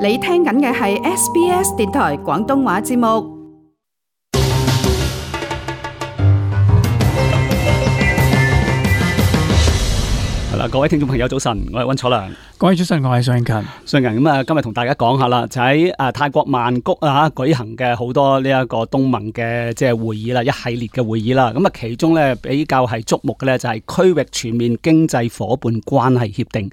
你聽緊嘅係 SBS 電台廣東話節目。係啦，各位聽眾朋友，早晨，我係溫楚良。各位早晨，我係信勤。信勤咁啊，今日同大家講下啦，就喺啊泰國曼谷啊舉行嘅好多呢一個東盟嘅即係會議啦，一系列嘅會議啦。咁啊，其中咧比較係矚目嘅咧，就係區域全面經濟伙伴關係協定。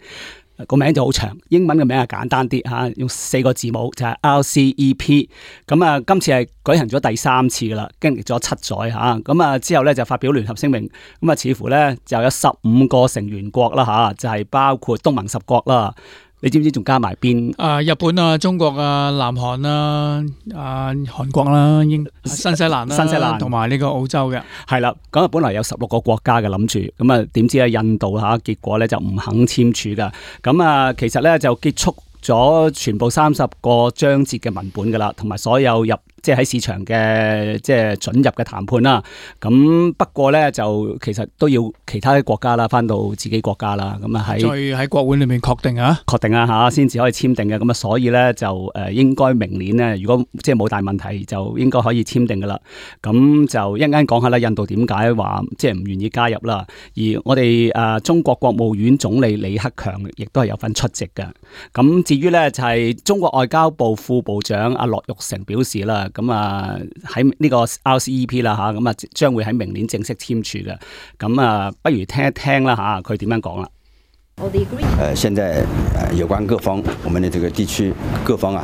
個名就好長，英文嘅名就簡單啲，用四個字母就係 RCEP。咁啊，今次係舉行咗第三次噶啦，經歷咗七載嚇。咁啊，之後咧就發表聯合聲明，咁啊似乎咧就有十五個成員國啦嚇，就係包括東盟十國啦。你知唔知仲加埋邊？啊，日本啊，中國啊，南韓啦、啊，啊韓國啦、啊，英、新西蘭啦、啊，新西蘭同埋呢個澳洲嘅，係啦。咁啊，本來有十六個國家嘅諗住，咁啊，點知啊，印度吓、啊，結果咧就唔肯簽署噶。咁啊，其實咧就結束咗全部三十個章節嘅文本噶啦，同埋所有入。即係喺市場嘅，即係准入嘅談判啦。咁不過咧，就其實都要其他嘅國家啦，翻到自己國家啦。咁啊喺再喺國會裏面確定啊，確定啊吓，先至可以簽訂嘅。咁啊，所以咧就誒，應該明年咧，如果即係冇大問題，就應該可以簽訂噶啦。咁就一陣間講下啦。印度點解話即係唔願意加入啦？而我哋誒，中國國務院總理李克強亦都係有份出席嘅。咁至於咧，就係中國外交部副部長阿樂玉成表示啦。咁啊喺呢個 RCEP 啦嚇，咁啊，啊將會喺明年正式簽署嘅。咁啊，不如聽一聽啦吓，佢、啊、點樣講啦？誒、呃，現在有關各方，我們的這個地區各方啊。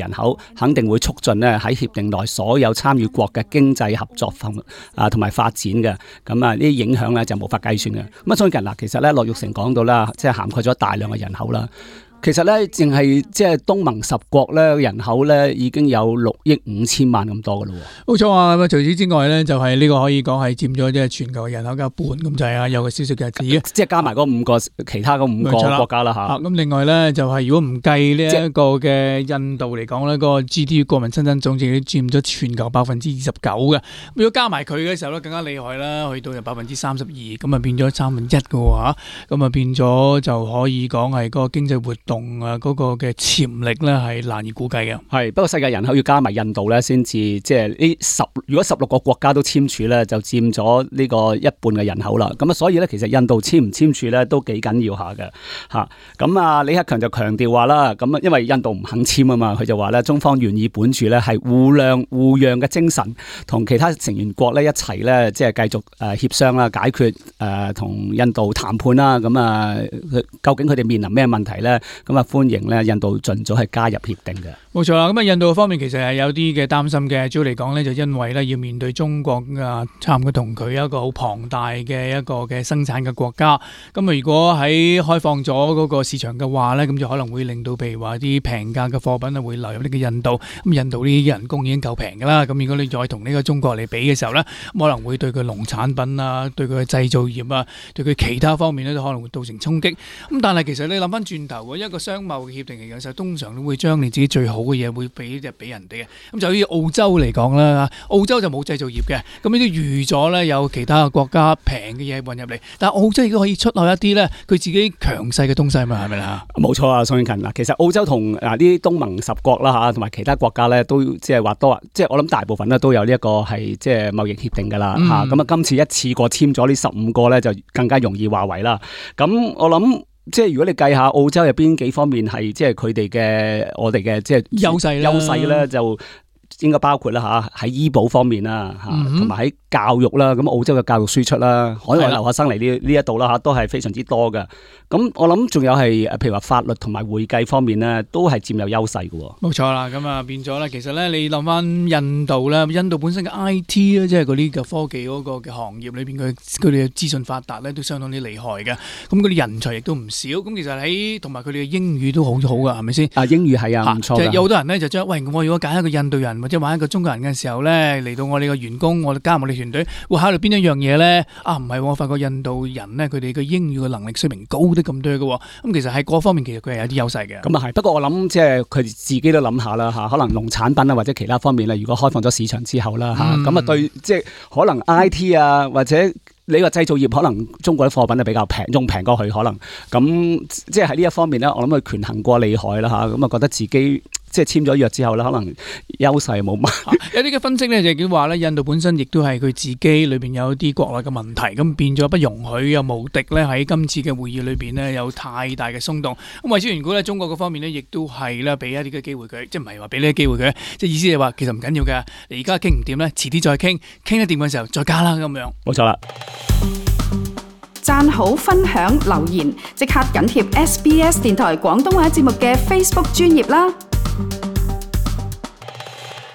人口肯定會促進咧喺協定內所有參與國嘅經濟合作、同啊同埋發展嘅，咁啊呢啲影響咧就無法計算嘅。咁啊，最近嗱，其實咧，樂玉成講到啦，即係涵蓋咗大量嘅人口啦。其實咧，淨係即係東盟十國咧，人口咧已經有六億五千萬咁多噶咯。冇錯啊！咁啊，除此之外咧，就係、是、呢個可以講係佔咗即係全球人口嘅一半咁制啊，有個少少嘅，即係加埋嗰五個其他嗰五個國家啦吓。咁、啊啊嗯、另外咧，就係、是、如果唔計呢一個嘅印度嚟講呢個 GDP 國民生產總值佔咗全球百分之二十九嘅。如果加埋佢嘅時候咧，更加厲害啦，去到有百分之三十二，咁啊變咗三分一嘅話，咁啊變咗就可以講係個經濟活。同啊嗰個嘅潛力咧係難以估計嘅。係，不過世界人口要加埋印度咧，先至即係呢十，如果十六個國家都簽署咧，就佔咗呢個一半嘅人口啦。咁啊，所以咧，其實印度簽唔簽署咧都幾緊要下嘅嚇。咁啊，李克強就強調話啦，咁啊因為印度唔肯簽啊嘛，佢就話咧，中方願意本住咧係互諒互讓嘅精神，同其他成員國咧一齊咧即係繼續誒協商啦，解決誒同、呃、印度談判啦。咁啊，究竟佢哋面臨咩問題咧？咁啊，歡迎咧，印度盡早係加入協定嘅。冇錯啦，咁啊，印度方面其實係有啲嘅擔心嘅，主要嚟講呢，就因為呢要面對中國啊，差唔多同佢一個好龐大嘅一個嘅生產嘅國家。咁啊，如果喺開放咗嗰個市場嘅話呢，咁就可能會令到譬如話啲平價嘅貨品啊，會流入呢個印度。咁印度呢啲人工已經夠平㗎啦，咁如果你再同呢個中國嚟比嘅時候呢，可能會對佢農產品啊，對佢嘅製造業啊，對佢其他方面呢，都可能會造成衝擊。咁但係其實你諗翻轉頭，個商貿協定嚟講，其實通常都會將你自己最好嘅嘢會俾只俾人哋嘅。咁就好似澳洲嚟講啦，澳洲就冇製造業嘅。咁呢啲預咗咧，有其他嘅國家平嘅嘢運入嚟。但係澳洲亦都可以出賣一啲咧，佢自己強勢嘅東西嘛，係咪啊？冇錯啊，宋英勤嗱。其實澳洲同啊呢啲東盟十國啦吓，同埋其他國家咧，都即係話多啊。即係我諗大部分咧都有呢一個係即係貿易協定噶啦吓。咁、嗯、啊，今次一次過簽咗呢十五個咧，就更加容易華為啦。咁我諗。即係如果你計下澳洲入邊幾方面係即係佢哋嘅我哋嘅即係優勢啦，優勢咧就，應該包括啦嚇，喺醫保方面啦嚇，同埋喺教育啦，咁澳洲嘅教育輸出啦，海外留學生嚟呢呢一度啦嚇，都係非常之多嘅。咁我諗仲有係譬如話法律同埋會計方面咧，都係佔有優勢嘅。冇錯啦，咁啊變咗啦，其實咧你諗翻印度咧，印度本身嘅 I T 啊，即係嗰啲嘅科技嗰個嘅行業裏邊嘅佢哋嘅資訊發達咧，都相當之厲害嘅。咁嗰啲人才亦都唔少。咁其實喺同埋佢哋嘅英語都好好嘅，係咪先？啊，英語係啊，唔錯嘅。就係有好多人咧，就將喂，我如果揀一個印度人。即玩一個中國人嘅時候咧，嚟到我哋個員工，我哋加入我哋團隊會考慮邊一樣嘢咧？啊，唔係、啊，我發覺印度人咧，佢哋嘅英語嘅能力水平高啲咁多嘅，咁其實喺各方面其實佢係有啲優勢嘅。咁啊係，不過我諗即係佢自己都諗下啦吓，可能農產品啊或者其他方面咧，如果開放咗市場之後啦吓，咁、嗯、啊對，即係可能 I T 啊或者你個製造業，可能中國啲貨品咧比較平，用平過去。可能，咁即係喺呢一方面咧，我諗佢權衡過利害啦吓，咁啊覺得自己。即係簽咗約之後呢，可能優勢冇乜。有啲嘅分析呢，就已經話呢，印度本身亦都係佢自己裏邊有啲國內嘅問題，咁變咗不容許又無敵呢。喺今次嘅會議裏邊呢，有太大嘅鬆動。咁為之如果中國嗰方面呢，亦都係呢俾一啲嘅機會佢，即係唔係話俾呢個機會佢，即係意思就話其實唔緊要嘅。而家傾唔掂呢，遲啲再傾，傾得掂嘅時候再加啦，咁樣冇錯啦。讚好、分享、留言，即刻緊貼 SBS 電台廣東話節目嘅 Facebook 專頁啦。